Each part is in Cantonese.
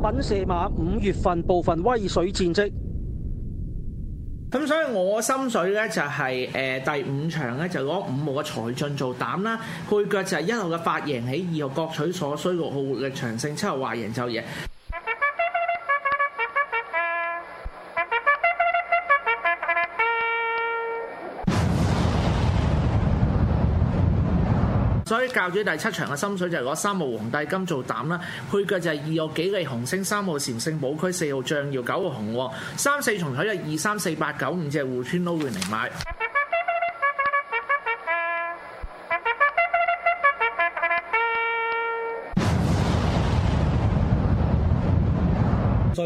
品射馬五月份部分威水戰績，咁所以我心水咧就係誒第五場咧就攞五號嘅財進做膽啦，配角就係一號嘅發型起，二號各取所需，六號活力長勝，七號華贏就贏。所以教主第七場嘅心水就係攞三號皇帝金做膽啦，配嘅就係二號幾利紅星、三號禪聖寶區，四號象耀，九號紅，三四重彩就二三四八九五隻互穿撈完嚟買。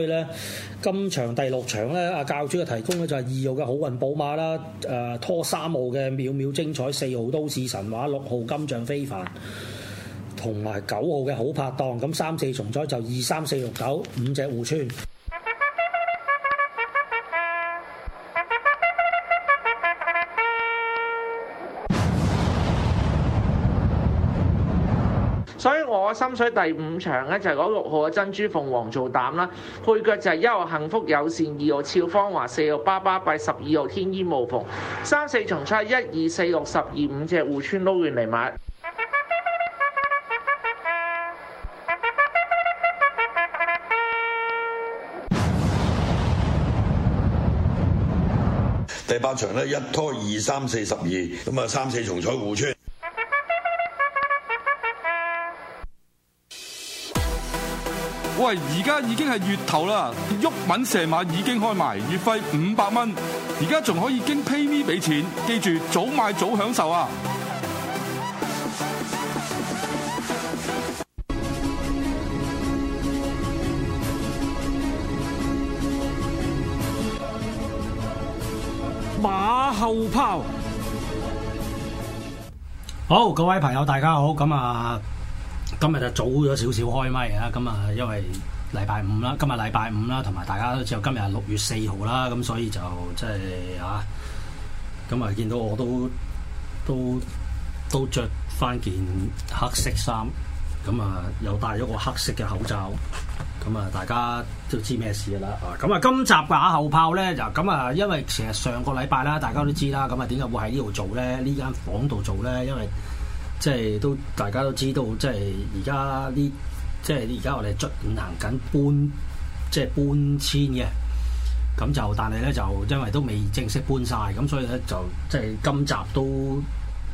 咧今場第六場咧，阿教主嘅提供咧就係二號嘅好運寶馬啦，誒拖三號嘅妙妙精彩，四號都市神話，六號金像非凡，同埋九號嘅好拍檔，咁三四重彩就二三四六九五隻互串。深水第五場咧就係六號嘅珍珠鳳凰做膽啦，配腳就係一號幸福友善，二號俏芳華，四號巴巴閉，十二號天衣無縫，三四重彩，一二四六十二五隻互串撈完嚟買。第八場咧一拖二三四十二，咁啊三四重彩互串。喂，而家已經係月頭啦，毓民射馬已經開埋，月費五百蚊，而家仲可以經 PayMe 俾錢，記住早買早享受啊！馬後炮，好，各位朋友大家好，咁啊。今日就早咗少少開咪啊！咁啊，因為禮拜五啦，今日禮拜五啦，同埋大家都知道今日係六月四號啦，咁所以就即係、就是、啊，咁啊見到我都都都着翻件黑色衫，咁啊又戴咗個黑色嘅口罩，咁啊大家都知咩事啦啊！咁啊今集打後炮咧就咁啊，因為其實上個禮拜啦，大家都知啦，咁啊點解會喺呢度做咧？呢間房度做咧？因為即係都大家都知道，即係而家呢，即係而家我哋進行緊搬，即係搬遷嘅。咁就但係咧，就因為都未正式搬晒，咁所以咧就即係今集都誒、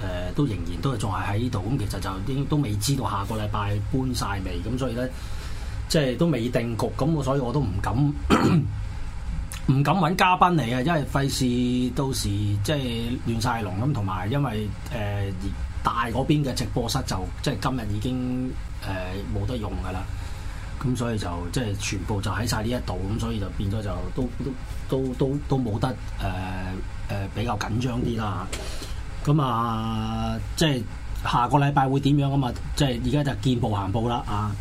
呃、都仍然都仲係喺呢度。咁其實就都都未知道下個禮拜搬晒未。咁所以咧，即係都未定局。咁我所以我都唔敢唔敢搵嘉賓嚟啊！因為費事到時即係亂晒龍咁，同埋因為誒。呃大嗰邊嘅直播室就即係今日已經誒冇、呃、得用噶啦，咁所以就即係全部就喺晒呢一度，咁所以就變咗就都都都都都冇得誒誒、呃呃、比較緊張啲啦。咁啊，即係下個禮拜會點樣吖嘛？即係而家就見步行步啦啊。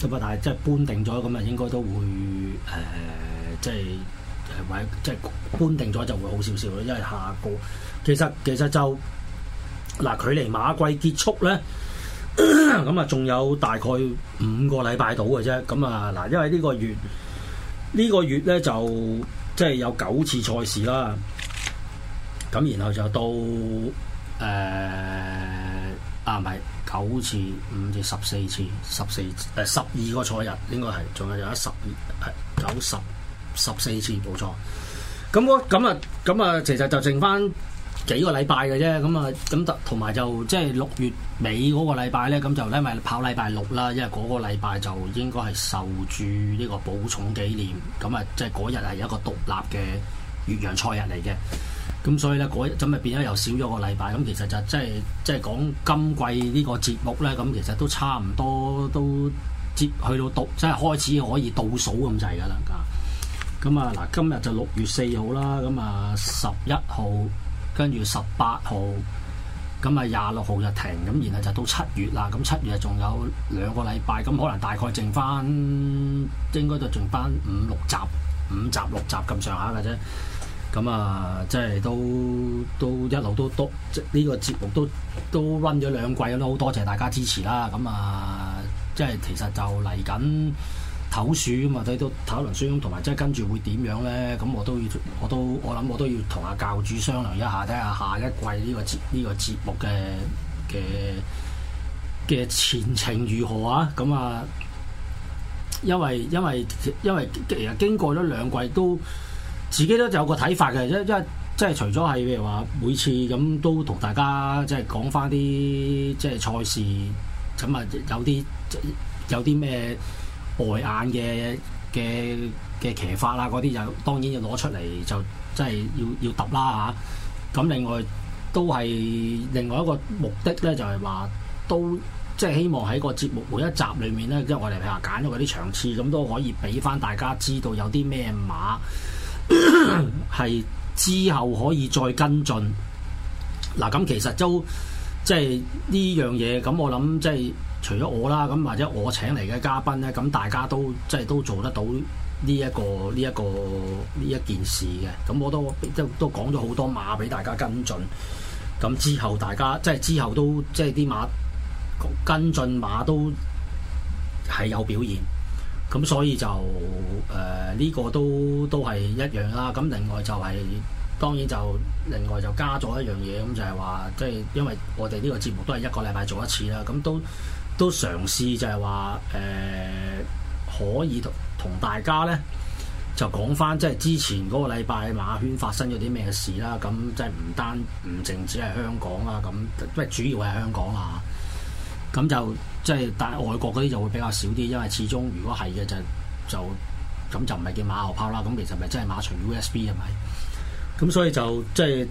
咁啊，但係即係搬定咗咁啊，應該都會誒、呃、即係或者即係搬定咗就會好少少咯。因為下個其實其實就。嗱，距離馬季結束咧，咁啊，仲有大概五個禮拜到嘅啫。咁啊，嗱，因為呢個月呢個月咧就即係有九次賽事啦。咁然後就到誒啊，唔係九次，五至十四次，十四誒十二個賽日應該係，仲係有得十二誒九十十四次冇錯。咁我咁啊，咁啊，其實就剩翻。幾個禮拜嘅啫，咁啊，咁同埋就即係六月尾嗰個禮拜呢。咁就因為跑禮拜六啦，因為嗰個禮拜就應該係受住呢個補充紀念，咁啊，即係嗰日係一個獨立嘅粵陽賽日嚟嘅。咁所以呢，嗰咁咪變咗又少咗個禮拜。咁其實就即係即係講今季呢個節目呢，咁其實都差唔多都接去到到即係開始可以倒數咁滯噶啦。咁啊嗱，今日就六月四號啦，咁啊十一號，跟住十八號，咁啊廿六號就停咁，然後就到七月啦。咁七月仲有兩個禮拜，咁可能大概剩翻應該就剩翻五六集，五集六集咁上下嘅啫。咁啊，即係都都一路都都即呢個節目都都 run 咗兩季啦，好多謝大家支持啦。咁啊，即係其實就嚟緊。投鼠咁啊睇到投一輪鼠同埋即係跟住會點樣咧？咁我都要，我都我諗我都要同阿教主商量一下，睇下下一季呢個節呢個節目嘅嘅嘅前程如何啊？咁啊，因為因為因為其實經過咗兩季都自己都有個睇法嘅，因因為即係除咗係譬如話每次咁都同大家即係講返啲即係賽事咁啊，有啲有啲咩？外眼嘅嘅嘅騎法啦，嗰啲就當然要攞出嚟，就即係要要揼啦吓，咁、啊、另外都係另外一個目的咧，就係、是、話都即係、就是、希望喺個節目每一集裏面咧，即係我哋譬如話揀咗嗰啲場次，咁都可以俾翻大家知道有啲咩馬係之後可以再跟進。嗱、啊，咁其實都即係呢樣嘢，咁、就是就是這個、我諗即係。就是除咗我啦，咁或者我請嚟嘅嘉賓咧，咁大家都即係都做得到呢一個呢一個呢一件事嘅，咁我都都都講咗好多馬俾大家跟進，咁之後大家即係之後都即係啲馬跟進馬都係有表現，咁所以就誒呢個都都係一樣啦，咁另外就係。當然就另外就加咗一樣嘢，咁就係、是、話，即、就、係、是、因為我哋呢個節目都係一個禮拜做一次啦。咁都都嘗試就係話，誒、呃、可以同同大家咧就講翻，即、就、係、是、之前嗰個禮拜馬圈發生咗啲咩事啦。咁即係唔單唔淨止係香港啦，咁即係主要係香港啦。咁就即係但係外國嗰啲就會比較少啲，因為始終如果係嘅就就咁就唔係叫馬後炮啦。咁其實咪真係馬場 U S B 係咪？咁所以就即係，誒、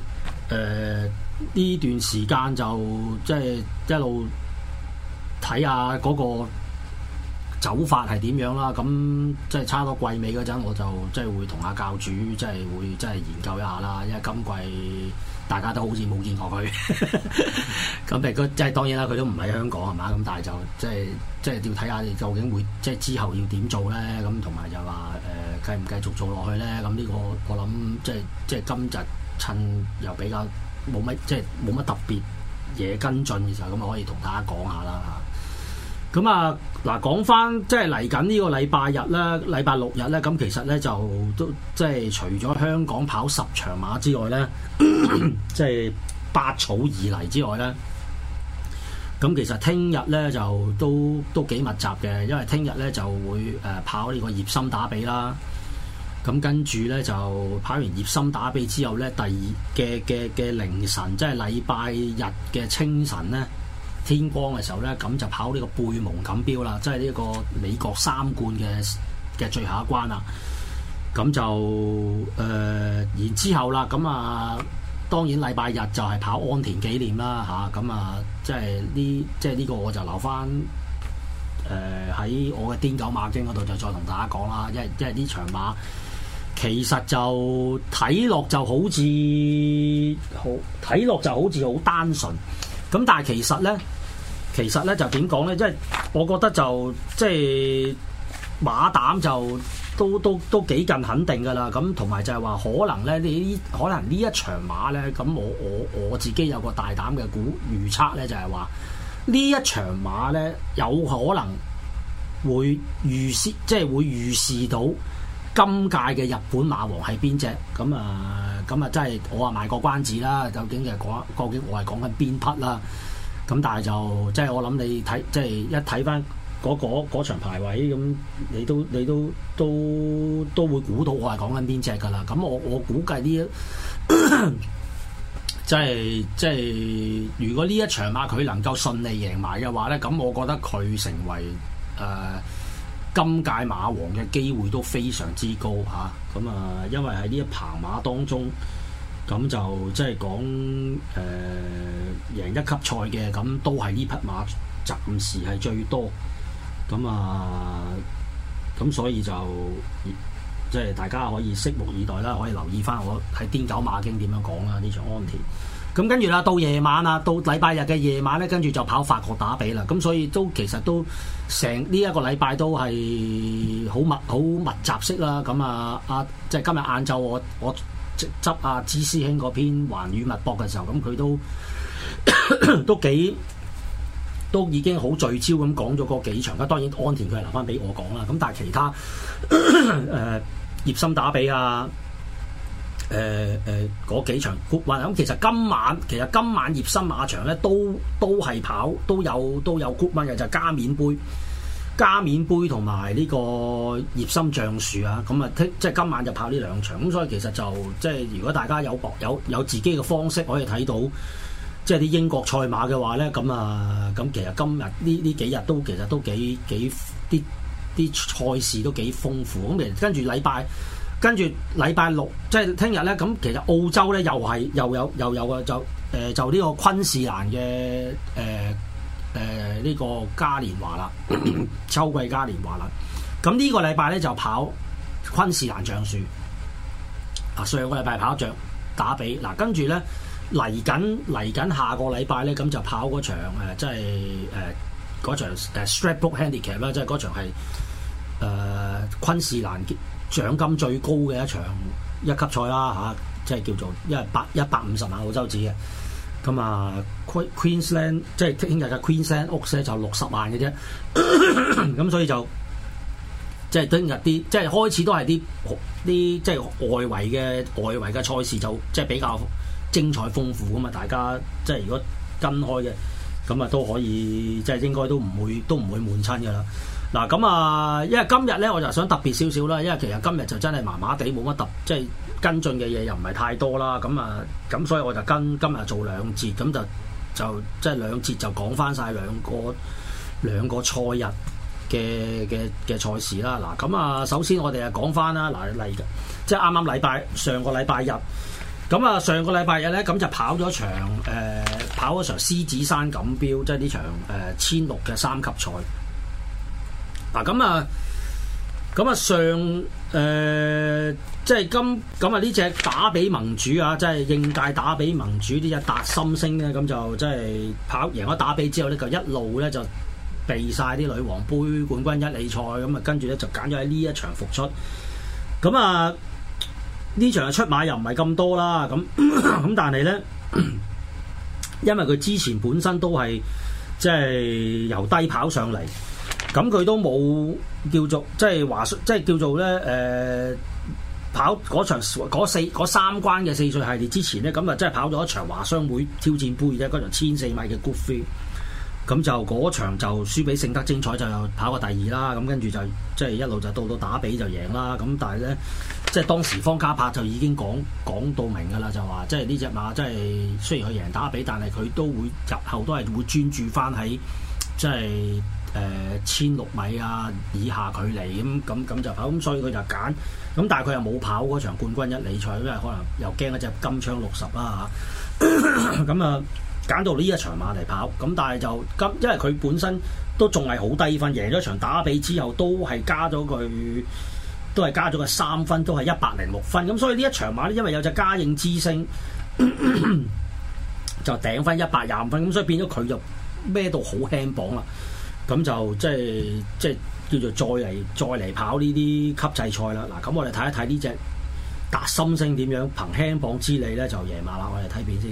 呃、呢段時間就即係、即係、一路睇下嗰個走法係點樣啦。咁即係差唔多季尾嗰陣，我就即係、即係、會同阿教主，即、就、係、是、會即係研究一下啦。因為今季。大家都好似冇見過佢，咁誒嗰即係當然啦，佢都唔喺香港係嘛？咁但係就即係即係要睇下你究竟會即係之後要點做咧？咁同埋就話誒，繼、呃、唔繼續做落去咧？咁呢個我諗即係即係今日趁又比較冇乜即係冇乜特別嘢跟進嘅時候，咁可以同大家講下啦。咁啊，嗱，講翻即係嚟緊呢個禮拜日啦，禮拜六日咧，咁其實咧就都即係除咗香港跑十場馬之外咧， 即係百草而嚟之外咧，咁其實聽日咧就都都幾密集嘅，因為聽日咧就會誒跑呢個葉森打比啦，咁跟住咧就跑完葉森打比之後咧，第二嘅嘅嘅凌晨，即係禮拜日嘅清晨咧。天光嘅時候呢，咁就跑呢個貝蒙錦標啦，即係呢個美國三冠嘅嘅最後一關啦。咁就誒，然、呃、之後啦，咁啊，當然禮拜日就係跑安田紀念啦，嚇。咁啊，即係呢，即係呢個我就留翻誒喺我嘅癲狗馬經嗰度，就再同大家講啦。因為因為呢場馬其實就睇落就好似好，睇落就好似好單純。咁但係其實咧，其實咧就點講咧？即係我覺得就，即係馬膽就都都都幾近肯定㗎喇。咁同埋就係話可能咧，你可能呢可能呢一場馬咧，咁我我我自己有個大膽嘅估預測咧，就係話呢一場馬咧有可能會預先，即係會預示到今屆嘅日本馬王係邊隻咁啊？咁啊，真係圓、嗯、我話埋個關子啦，究竟嘅講，究竟我係講緊邊匹啦？咁但係就即係我諗你睇，即係一睇翻嗰嗰場排位咁，嗯，你都你都都都會估到我係講緊邊隻㗎啦。咁我我估計呢一 即係即係，如果呢一場啊佢能夠順利贏埋嘅話咧，咁我覺得佢成為誒，呃今屆馬王嘅機會都非常之高嚇，咁啊，因為喺呢一棚馬當中，咁就即係講誒贏一級賽嘅，咁都係呢匹馬暫時係最多，咁啊，咁所以就即係大家可以拭目以待啦，可以留意返我喺《癲狗馬經》點樣講啦，呢場安田。咁跟住啦，到夜晚啊，到禮拜日嘅夜晚咧，跟住就跑法國打比啦。咁所以都其實都成呢一個禮拜都係好密好密集式啦。咁啊，阿即係今日晏晝我我執阿朱師兄嗰篇環宇脈搏嘅時候，咁佢都咳咳都幾都已經好聚焦咁講咗嗰幾場啦。當然安田佢係留翻俾我講啦。咁但係其他誒葉森打比啊～誒誒嗰幾場 good run 咁，其實今晚其實今晚葉森馬場咧都都係跑都有都有 good run 嘅，就是、加冕杯、加冕杯同埋呢個葉森橡樹啊，咁啊，即即今晚就拍呢兩場，咁、啊、所以其實就即係如果大家有博有有自己嘅方式可以睇到，即係啲英國賽馬嘅話咧，咁啊咁其實今日呢呢幾日都其實都幾幾啲啲賽事都幾豐富，咁、啊、其實跟住禮拜。跟住禮拜六，即係聽日咧，咁其實澳洲咧又係又有又有嘅就誒、呃、就呢個昆士蘭嘅誒誒呢個嘉年華啦， 秋季嘉年華啦。咁呢個禮拜咧就跑昆士蘭橡樹。啊，上個禮拜跑一仗打比，嗱，跟住咧嚟緊嚟緊下個禮拜咧，咁就跑嗰場即係誒嗰場 straight book handicap 啦，即係嗰場係誒昆士蘭。獎金最高嘅一場一級賽啦嚇、啊，即係叫做因為百一百五十萬澳洲紙嘅。咁啊 Queensland 即係聽日嘅 Queensland 屋勢就六十萬嘅啫。咁所以就即係聽日啲即係開始都係啲啲即係外圍嘅外圍嘅賽事就即係比較精彩豐富咁嘛。大家即係如果跟開嘅，咁啊都可以即係應該都唔會都唔會滿親㗎啦。嗱咁啊，因為今日咧我就想特別少少啦，因為其實今日就真係麻麻地冇乜特，即係跟進嘅嘢又唔係太多啦。咁啊，咁所以我就跟今日做兩節，咁就就即係、就是、兩節就講翻晒兩個兩個賽日嘅嘅嘅賽事啦。嗱，咁啊，首先我哋啊講翻啦，嗱例嘅，即係啱啱禮拜上個禮拜日，咁啊上個禮拜日咧咁就跑咗場誒、呃、跑咗場獅子山錦標，即係呢場誒千六嘅三級賽。嗱咁啊，咁啊，啊上誒、呃，即係今咁啊呢隻打比盟主啊，即係應屆打比盟主呢隻達心星咧，咁、啊、就即係跑贏咗打比之後咧，就一路咧就避晒啲女王杯冠軍一哩賽，咁啊跟住咧就揀咗喺呢一場復出。咁啊呢場出馬又唔係咁多啦，咁、啊、咁但係咧，因為佢之前本身都係即係由低跑上嚟。咁佢都冇叫做，即係華即係叫做咧，誒、呃，跑嗰場嗰四三關嘅四歲系列之前咧，咁啊，即係跑咗一場華商會挑戰杯啫，嗰場千四米嘅 good free，咁就嗰場就輸俾勝得精彩，就又跑過第二啦。咁跟住就即係、就是、一路就到到打比就贏啦。咁但係咧，即係當時方嘉柏就已經講講到明噶啦，就話即係呢隻馬，即係雖然佢贏打比，但係佢都會日後都係會專注翻喺即係。誒千六米啊，以下距離咁咁咁就跑，咁、嗯嗯嗯、所以佢就揀，咁、嗯、但係佢又冇跑嗰場冠軍一哩賽，因為可能又驚一隻金槍六十啦嚇，咁啊揀到呢一場馬嚟跑，咁、嗯、但係就今，因為佢本身都仲係好低分，贏咗場打比之後，都係加咗佢，都係加咗佢三分，都係一百零六分，咁、嗯、所以呢一場馬咧，因為有隻嘉應之星、嗯嗯、就頂翻一百廿五分，咁、嗯、所以變咗佢就孭到好輕磅啦。咁就即係即係叫做再嚟再嚟跑呢啲級制賽啦。嗱，咁我哋睇一睇呢隻達心聲點樣憑輕磅之利咧就贏馬啦。我哋睇片先。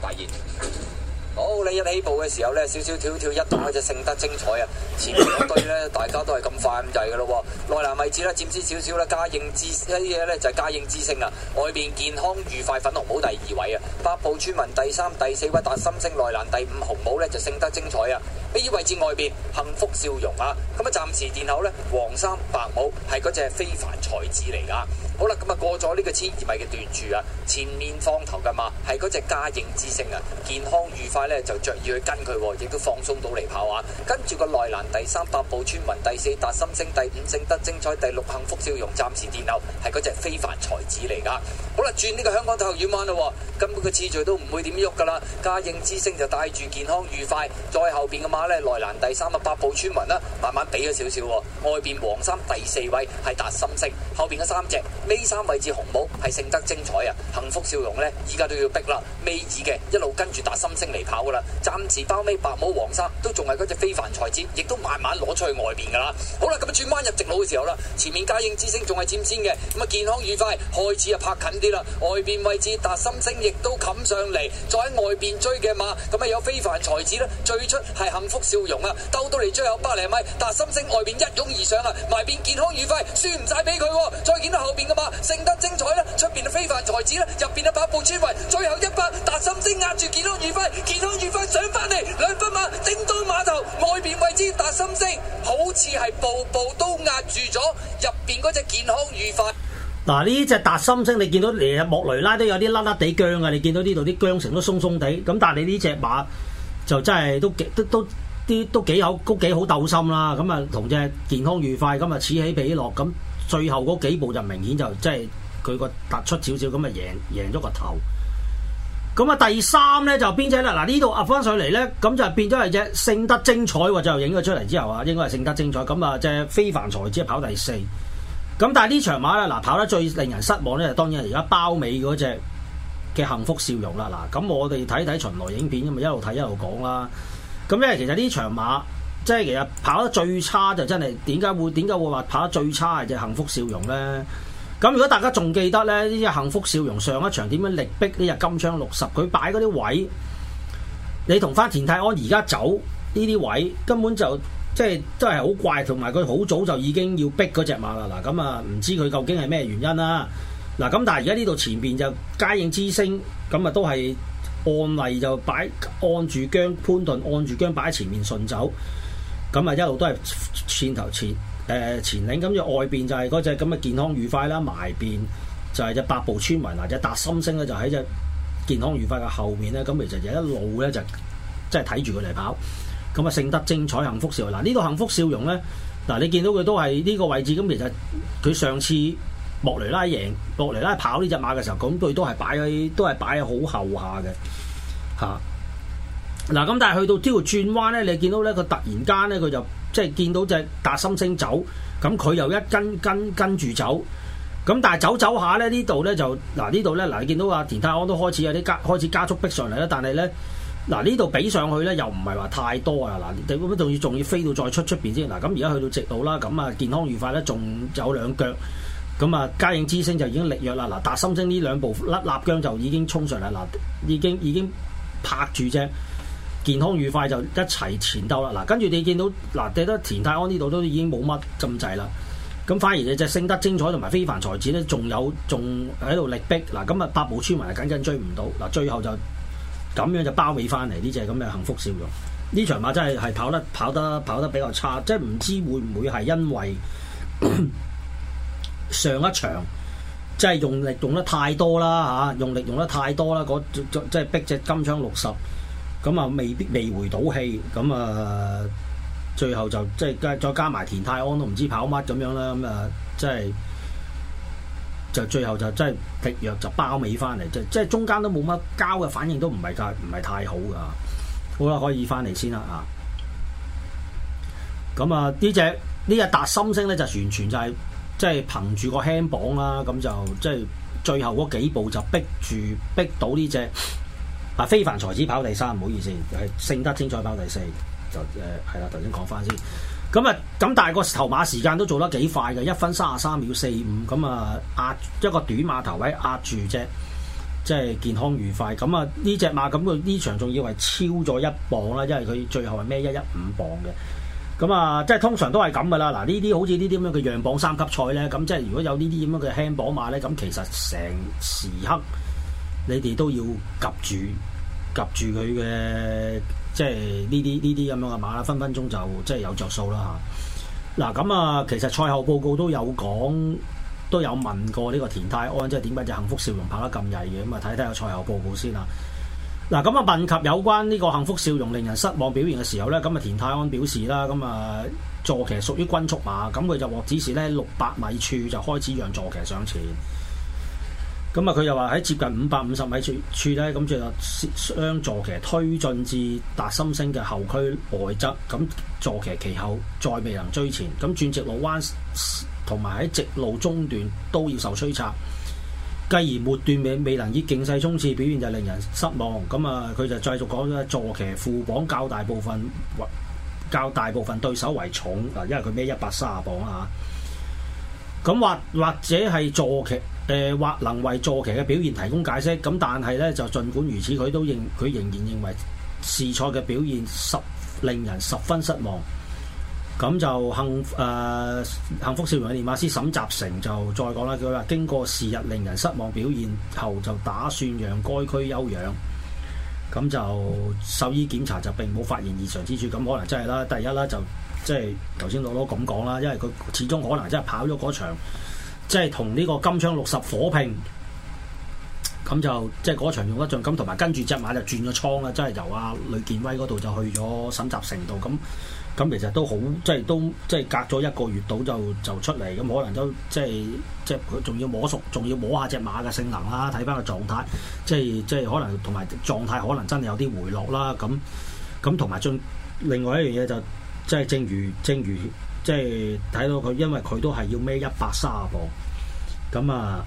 大熱。好、哦、你一起步嘅時候呢小小跳跳一檔嘅隻勝得精彩啊！前面嗰堆呢，大家都係咁快咁滯噶咯。內欄位置呢，佔知少少咧，家應之一啲嘢咧就家、係、應之星啊。外邊健康愉快粉紅帽第二位啊，八步村民第三、第四位。達心星內欄第五紅帽呢，就勝得精彩啊！呢位置外邊幸福笑容啊，咁啊暫時殿後呢，黃衫白帽係嗰隻非凡才子嚟噶。好啦，咁啊過咗呢個千二米嘅斷柱啊，前面放頭嘅馬，係嗰隻嘉應之星啊，健康愉快咧就着意去跟佢，亦都放鬆到嚟跑啊。跟住個內欄第三百步村民，第四達心星，第五正德精彩，第六幸福笑容暫時墊後，係嗰隻非凡才子嚟噶。好啦，轉呢個香港體育學院彎啦，咁個次序都唔會點喐噶啦。嘉應之星就帶住健康愉快，再後邊嘅馬咧內欄第三啊百步村民啦，慢慢俾咗少少外邊黃衫第四位係達心星，後邊嘅三隻。A 三位置紅帽係勝得精彩啊！幸福笑容呢，依家都要逼啦。尾二嘅一路跟住達心星嚟跑噶啦。暫時包尾白帽黃衫都仲係嗰隻非凡才子，亦都慢慢攞出去外邊噶啦。好啦，咁啊轉彎入直路嘅時候啦，前面嘉應之星仲係佔先嘅。咁啊健康愉快開始啊拍近啲啦。外邊位置達心星亦都冚上嚟，坐喺外邊追嘅馬，咁啊有非凡才子啦。最初係幸福笑容啊，兜到嚟最後百零米，達心星外邊一擁而上啊，埋邊健康愉快輸唔晒俾佢，再見到後邊嘅馬勝得精彩啦！出邊嘅非凡才子啦，入邊嘅百步穿雲，最後一匹達心星壓住健康愉快，健康愉快上翻嚟，兩匹馬整到碼頭外邊位置，達心星好似係步步都壓住咗入邊嗰隻健康愉快。嗱呢隻達心星，你見到連莫雷拉都有啲甩甩地僵啊！你見到呢度啲韁繩都鬆鬆地，咁但係你呢隻馬就真係都幾都都啲都幾有都幾好鬥心啦！咁啊同隻健康愉快咁啊此起彼落咁。最後嗰幾步就明顯就即係佢個突出少少咁啊贏贏咗個頭。咁啊第三咧就邊隻啦？嗱呢度壓翻上嚟咧，咁就變咗係隻勝得精彩喎！就影咗出嚟之後啊，應該係勝得精彩。咁啊隻非凡才子跑第四。咁但係呢場馬啦，嗱跑得最令人失望咧，就當然係而家包尾嗰隻嘅幸福笑容啦。嗱，咁我哋睇睇巡邏影片咁咪一路睇一路講啦。咁因為其實呢場馬。即係其實跑得最差就真係點解會點解會話跑得最差係隻幸福笑容咧？咁如果大家仲記得咧，呢隻幸福笑容上一場點樣力逼呢隻金槍六十？佢擺嗰啲位，你同返田泰安而家走呢啲位，根本就即係都係好怪，同埋佢好早就已經要逼嗰隻馬啦。嗱，咁啊唔知佢究竟係咩原因啦。嗱，咁但係而家呢度前邊就佳應之星，咁啊都係按例就擺按住姜潘頓，按住姜擺喺前面順走。咁啊一路都係前頭前誒、呃、前領，咁就外邊就係嗰隻咁嘅健康愉快啦，埋邊就係隻八步村民嗱，隻、啊、達心聲咧就喺隻健康愉快嘅後面咧，咁、啊、其實就一路咧就即係睇住佢嚟跑，咁啊勝得精彩幸福笑容嗱，呢、啊、個幸福笑容咧嗱、啊，你見到佢都係呢個位置，咁、啊、其實佢上次莫雷拉贏莫雷拉跑呢隻馬嘅時候，咁佢都係擺喺都係擺喺好後下嘅嚇。啊。嗱，咁但係去到朝頭轉彎咧，你見到咧，佢突然間咧，佢就即係見到隻達心星走，咁佢又一跟跟跟住走。咁但係走走下咧，呢度咧就嗱呢度咧嗱，你見到阿田太安都開始有啲加開始加速逼上嚟啦。但係咧嗱呢度比上去咧又唔係話太多啊嗱，你會唔會仲要仲要飛到再出出邊先嗱？咁而家去到直路啦，咁啊健康愉快咧，仲有兩腳咁啊嘉應之星就已經力弱啦嗱，達心星呢兩步甩立僵就已經衝上嚟啦，已經已經拍住啫。健康愉快就一齊前兜啦！嗱，跟住你見到嗱，記得田泰安呢度都已經冇乜禁制啦，咁反而你隻勝得精彩同埋非凡才子咧，仲有仲喺度力逼嗱，咁啊八寶村民係緊緊追唔到嗱，最後就咁樣就包尾翻嚟呢隻咁嘅幸福笑容。呢場馬真係係跑得跑得跑得比較差，即係唔知會唔會係因為 上一場即係用力用得太多啦嚇，用力用得太多啦，嗰即係逼隻金槍六十。咁啊，未必未回到氣，咁啊，最後就即係加再加埋田泰安都唔知跑乜咁樣啦，咁啊，即係就最後就真係跌弱就包尾翻嚟，即係即係中間都冇乜交嘅反應都，都唔係太唔係太好噶。好啦，可以翻嚟先啦啊！咁啊，呢隻呢隻達心星咧、就是，就完全就係即係憑住個輕磅啦，咁就即係最後嗰幾步就逼住逼到呢隻。啊！非凡才子跑第三，唔好意思，係聖德天才跑第四，就誒係啦。頭先講翻先，咁啊咁，但係個頭馬時間都做得幾快嘅，一分三十三秒四五，咁啊壓一個短馬頭位壓住啫，即係健康愉快。咁啊呢隻馬咁佢呢場仲以為超咗一磅啦，因為佢最後係孭一一五磅嘅。咁啊，即係通常都係咁噶啦。嗱呢啲好似呢啲咁樣嘅讓磅三級賽咧，咁即係如果有呢啲咁樣嘅輕磅馬咧，咁其實成時刻。你哋都要及住，及住佢嘅，即係呢啲呢啲咁樣嘅馬啦，分分鐘就即係有着數啦嚇。嗱、啊、咁啊，其實賽後報告都有講，都有問過呢個田泰安，即係點解隻幸福笑容跑得咁曳嘅？咁啊，睇睇個賽後報告先啦。嗱、啊、咁啊，問及有關呢個幸福笑容令人失望表現嘅時候咧，咁啊田泰安表示啦，咁啊坐騎屬於均速馬，咁佢就獲指示咧六百米處就開始讓坐騎上前。咁啊！佢又話喺接近五百五十米處處呢，咁就將座騎推進至達心星嘅後區外側。咁座騎其後再未能追前，咁轉直路彎同埋喺直路中段都要受摧殘。繼而末段未未能以勁勢衝刺，表現就令人失望。咁啊，佢就繼續講咧，座騎負磅較大部分或較大部分對手為重啊，因為佢咩一百三十磅啊！咁或或者係坐騎，誒、呃、或能為坐騎嘅表現提供解釋。咁但係咧，就儘管如此，佢都認佢仍然認為試賽嘅表現十令人十分失望。咁就幸誒、呃、幸福少爺嘅練馬師沈集成就再講啦，佢話經過時日令人失望表現後，就打算讓該區休養。咁就獸醫檢查就並冇發現異常之處，咁可能真係啦。第一啦就。即係頭先我都咁講啦，因為佢始終可能真係跑咗嗰場，即係同呢個金槍六十火拼咁就即係嗰場用得盡咁，同埋跟住隻馬就轉咗倉啦，即係由阿呂健威嗰度就去咗沈集成度咁。咁其實都好，即係都即係隔咗一個月度就就出嚟咁，可能都即係即係佢仲要摸熟，仲要摸一下隻馬嘅性能啦，睇翻個狀態，即係即係可能同埋狀態可能真係有啲回落啦。咁咁同埋進另外一樣嘢就。即係正如正如即係睇到佢，因為佢都係要孭一百三十磅，咁啊，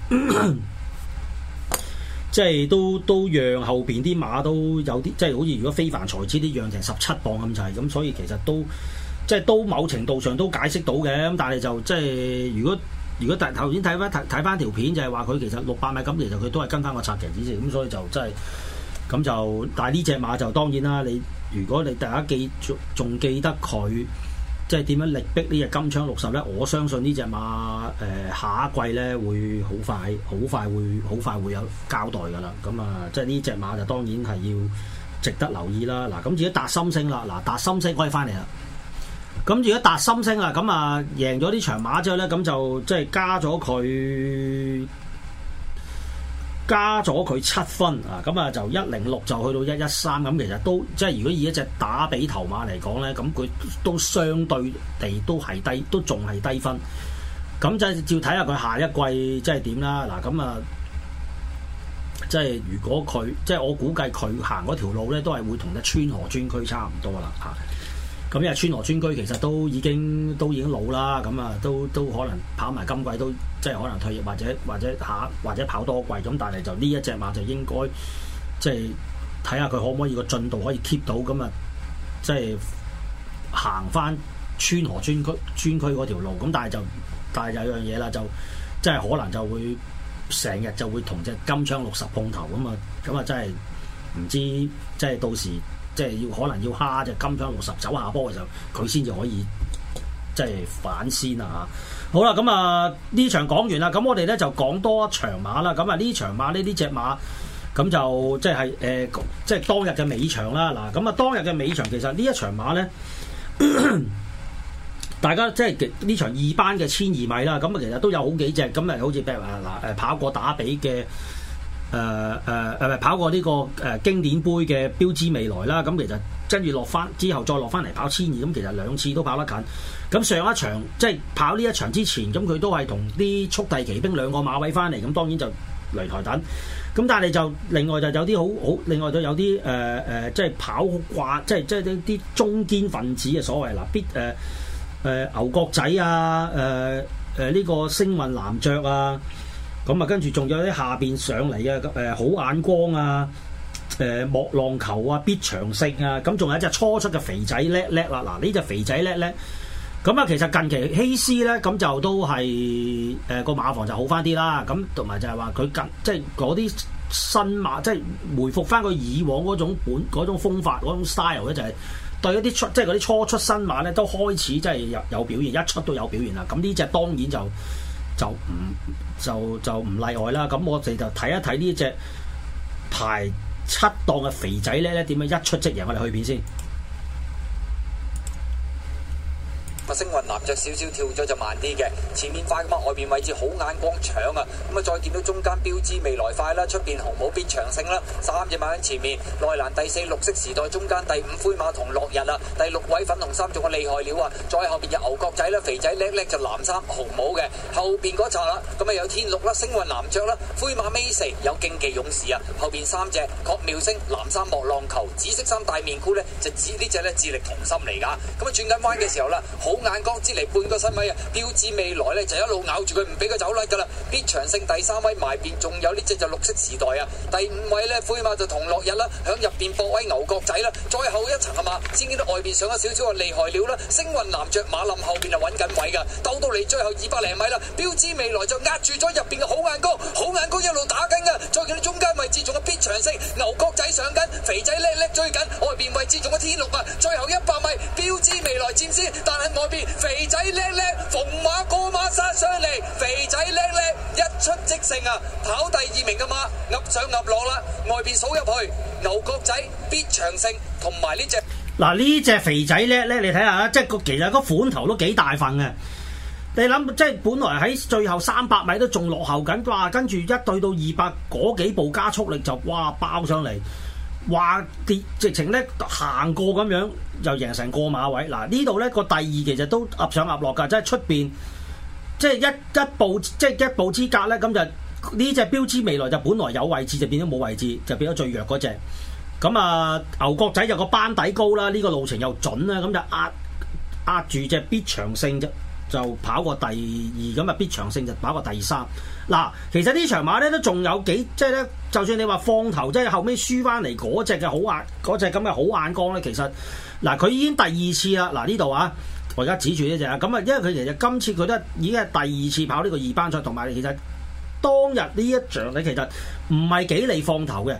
即係、就是、都都讓後邊啲馬都有啲，即、就、係、是、好似如果非凡才子啲讓成十七磅咁就係，咁所以其實都即係、就是、都某程度上都解釋到嘅，咁但係就即係、就是、如果如果但頭先睇翻睇睇翻條片就係話佢其實六百米咁，其實佢都係跟翻個策騎指示，咁所以就真係。就是咁就，但係呢隻馬就當然啦。你如果你大家記仲仲記得佢，即係點樣力逼呢隻金槍六十咧？我相信呢隻馬誒、呃、下一季咧會好快，好快會好快會有交代噶啦。咁啊，即係呢隻馬就當然係要值得留意啦。嗱，咁如果達心星啦，嗱達心星可以翻嚟啦。咁如果達心星啦，咁啊贏咗呢場馬之後咧，咁就即係加咗佢。加咗佢七分啊，咁啊就一零六就去到一一三，咁其實都即係如果以一隻打比頭馬嚟講咧，咁佢都相對地都係低，都仲係低分。咁就照睇下佢下一季即係點啦。嗱，咁啊，即係如果佢即係我估計佢行嗰條路咧，都係會同得川河專區差唔多啦嚇。咁因為川河尊駒其實都已經都已經老啦，咁啊都都可能跑埋今季都即係可能退役，或者或者下、啊、或者跑多季，咁但係就呢一隻馬就應該即係睇下佢可唔可以個進度可以 keep 到，咁啊即係行翻川河尊駒尊駒嗰條路，咁但係就但係有樣嘢啦，就即係可能就會成日就會同隻金槍六十碰頭咁啊，咁啊，啊真係唔知即係到時。即係要可能要蝦隻金鎗六十走下波嘅時候，佢先至可以即係反先啊！吓，好啦，咁啊呢場講完啦，咁我哋咧就講多一場馬啦。咁啊呢場馬呢呢隻馬，咁就即係誒，即係當日嘅尾場啦。嗱，咁啊當日嘅尾場其實呢一場馬咧，大家即係呢場二班嘅千二米啦。咁啊其實都有好幾隻，咁啊好似譬如話嗱誒跑過打比嘅。誒誒誒跑過呢、這個誒、呃、經典杯嘅標誌未來啦，咁其實跟住落翻之後再落翻嚟跑千二，咁其實兩次都跑得近。咁上一場即係跑呢一場之前，咁佢都係同啲速遞奇兵兩個馬位翻嚟，咁當然就擂台等。咁但係就另外就有啲好好，另外就有啲誒誒，即係跑掛，即係即係啲啲中堅分子嘅所謂嗱，必誒誒、呃呃、牛角仔啊，誒誒呢個星雲藍雀啊。咁啊，跟住仲有啲下邊上嚟嘅，誒、呃、好眼光啊，誒、呃、莫浪球啊，必長識啊，咁仲有一隻初出嘅肥仔叻叻啦！嗱，呢隻肥仔叻叻，咁啊，其實近期希斯咧，咁就都係誒個馬房就好翻啲啦。咁同埋就係話佢近即係嗰啲新馬，即、就、係、是、回復翻佢以往嗰種本嗰種風法嗰種 style 咧，就係對一啲出即係嗰啲初出新馬咧，都開始即係有有表現，一出都有表現啦。咁呢隻當然就～就唔就就唔例外啦，咁我哋就睇一睇呢隻排七檔嘅肥仔咧，點樣一出即贏？我哋去片先。星雲男爵少少跳咗就慢啲嘅，前面快咁啊，外邊位置好眼光搶啊，咁啊再見到中間標誌未來快啦，出邊紅帽變長勝啦，三隻馬喺前面，內欄第四綠色時代中間第五灰馬同落日啦，第六位粉紅衫仲係厲害料啊，再後邊有牛角仔啦，肥仔叻叻就藍衫紅帽嘅，後邊嗰扎啦，咁啊有天綠啦，星雲男爵啦，灰馬 M4 a 有競技勇士啊，後邊三隻確妙星，藍衫莫浪球，紫色衫大面箍咧就指呢隻咧智力同心嚟噶，咁啊轉緊彎嘅時候啦，好。眼光只嚟半個身位，啊！標誌未來咧就一路咬住佢唔俾佢走甩噶啦，必長勝第三位埋邊，仲有呢隻就綠色時代啊！第五位咧灰馬就同落日啦，響入邊搏位牛角仔啦，再後一層啊嘛，先見到外邊上咗少少嘅厲害料啦！星雲男爵馬林後邊就搵緊位噶，鬥到嚟最後二百零米啦，標誌未來就壓住咗入邊嘅好眼光。再見啲中間位置，仲有必長勝、牛角仔上緊，肥仔叻叻追緊外邊位置，仲有天龍啊！最後一百米標誌未來戰士，但係外邊肥仔叻叻逢馬過馬殺上嚟，肥仔叻叻一出即勝啊！跑第二名嘅馬壓上壓落啦，外邊數入去牛角仔、必長勝同埋呢隻，嗱呢隻肥仔叻叻你睇下啊，即係個其實個款頭都幾大份嘅。你諗即係本來喺最後三百米都仲落後緊，哇！跟住一對到二百嗰幾步加速力就哇爆上嚟，哇跌直情咧行過咁樣又贏成個馬位。嗱呢度咧個第二其實都壓上壓落噶，即係出邊即係一一步即係一步之隔咧，咁就呢隻標誌未來就本來有位置就變咗冇位置，就變咗最弱嗰隻。咁啊牛角仔有個班底高啦，呢、這個路程又準啦，咁就壓壓住隻必長勝啫，就跑過第二咁啊，必長勝就跑過第三。嗱，其實呢場馬咧都仲有幾，即係咧，就算你話放頭，即係後尾輸翻嚟嗰隻嘅好眼，嗰隻咁嘅好眼光咧，其實嗱，佢已經第二次啦。嗱呢度啊，我而家指住呢隻啊，咁啊，因為佢其實今次佢都已經係第二次跑呢個二班賽，同埋其實當日呢一場你其實唔係幾理放頭嘅。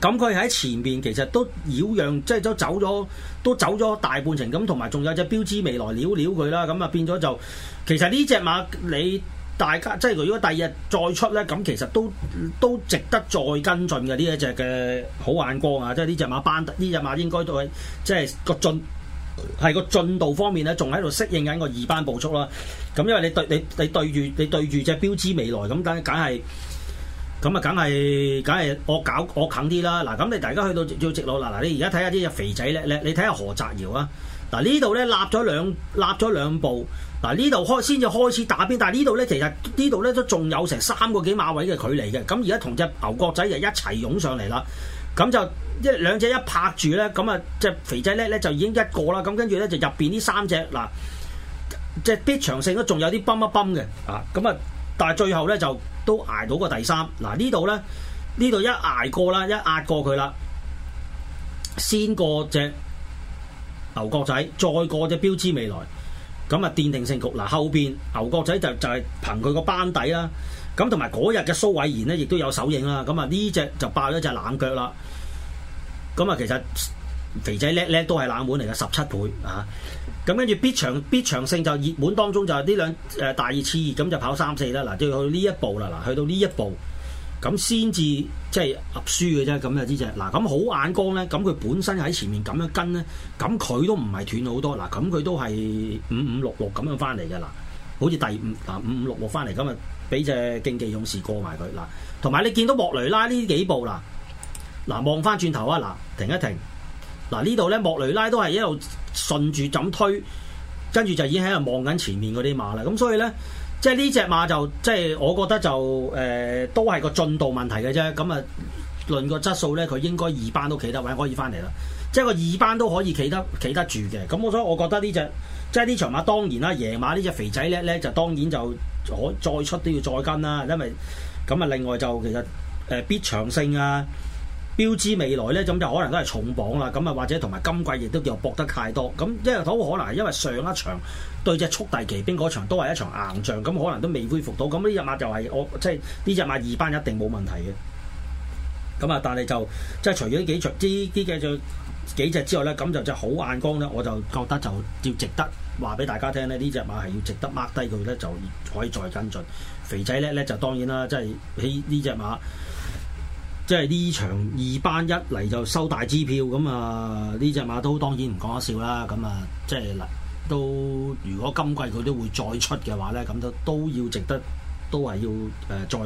咁佢喺前面其實都繞讓，即係都走咗，都走咗大半程。咁同埋仲有隻標誌未來撩撩佢啦。咁啊變咗就，其實呢隻馬你大家即係如果第二日再出咧，咁其實都都值得再跟進嘅呢一隻嘅好眼光啊！即係呢隻馬班，呢隻馬應該都係即係個進係個進度方面咧，仲喺度適應緊個二班步速啦。咁因為你對你你對住你對住隻標誌未來咁，梗梗係。咁啊，梗係梗係惡搞惡啃啲啦。嗱，咁你大家去到要直路，嗱嗱，你而家睇下呢隻肥仔叻叻，你睇下何澤堯啊。嗱呢度咧立咗兩立咗兩步，嗱呢度開先至開始打邊，但係呢度咧其實呢度咧都仲有成三個幾馬位嘅距離嘅。咁而家同隻牛角仔一就一齊湧上嚟啦，咁就一兩隻一拍住咧，咁啊隻肥仔叻咧就已經一個啦。咁跟住咧就入邊呢三隻嗱，隻必長性都仲有啲崩一崩嘅啊。咁啊，但係最後咧就。都捱到個第三，嗱、啊、呢度咧，呢度一捱過啦，一壓過佢啦，先過隻牛角仔，再過隻標知未來，咁啊奠定勝局。嗱後邊牛角仔就就係、是、憑佢個班底啦，咁同埋嗰日嘅蘇偉賢咧，亦都有手影啦，咁啊呢隻就爆咗隻冷腳啦，咁啊其實肥仔叻叻都係冷門嚟嘅十七倍啊！咁跟住必場必場勝就熱門當中就係呢兩誒、呃、大二次咁就跑三四啦，嗱，即係去呢一步啦，嗱，去到呢一步咁先至即係合輸嘅啫，咁就知啫，嗱咁好眼光咧，咁佢本身喺前面咁樣跟咧，咁佢都唔係斷好多，嗱，咁佢都係五五六六咁樣翻嚟嘅啦，好似第五嗱、啊、五五六六翻嚟咁啊，俾隻競技勇士過埋佢嗱，同埋你見到莫雷拉呢幾步嗱嗱望翻轉頭啊，嗱停一停。嗱、啊、呢度咧莫雷拉都係一路順住咁推，跟住就已經喺度望緊前面嗰啲馬啦。咁所以咧，即係呢隻馬就即係我覺得就誒、呃、都係個進度問題嘅啫。咁啊，論個質素咧，佢應該二班都企得位，可以翻嚟啦。即係個二班都可以企得企得住嘅。咁我所以，我覺得呢隻即係呢場馬當然啦，野馬呢隻肥仔叻咧，就當然就可再出都要再跟啦。因為咁啊，另外就其實誒、呃、必長勝啊。標誌未來呢，咁就可能都係重磅啦。咁啊，或者同埋今季亦都又博得太多。咁因為好可能，因為上一場對隻速遞奇兵嗰場都係一場硬仗，咁可能都未恢復到。咁呢隻馬就係、是、我即係呢隻馬二班一定冇問題嘅。咁啊，但係就即係除咗幾除啲啲嘅，再幾隻之外呢，咁就隻好眼光呢，我就覺得就要值得話俾大家聽呢。呢隻馬係要值得 mark 低佢呢，就可以再跟進。肥仔叻呢就當然啦，即係呢隻馬。即係呢場二班一嚟就收大支票咁啊！呢隻馬都當然唔講得笑啦。咁啊，即係嗱，都如果今季佢都會再出嘅話呢，咁都都要值得，都係要誒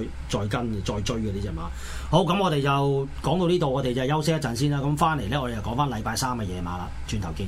再再跟再追嘅呢隻馬。好，咁我哋就講到呢度，我哋就休息一陣先啦。咁翻嚟呢，我哋就講翻禮拜三嘅夜馬啦，轉頭見。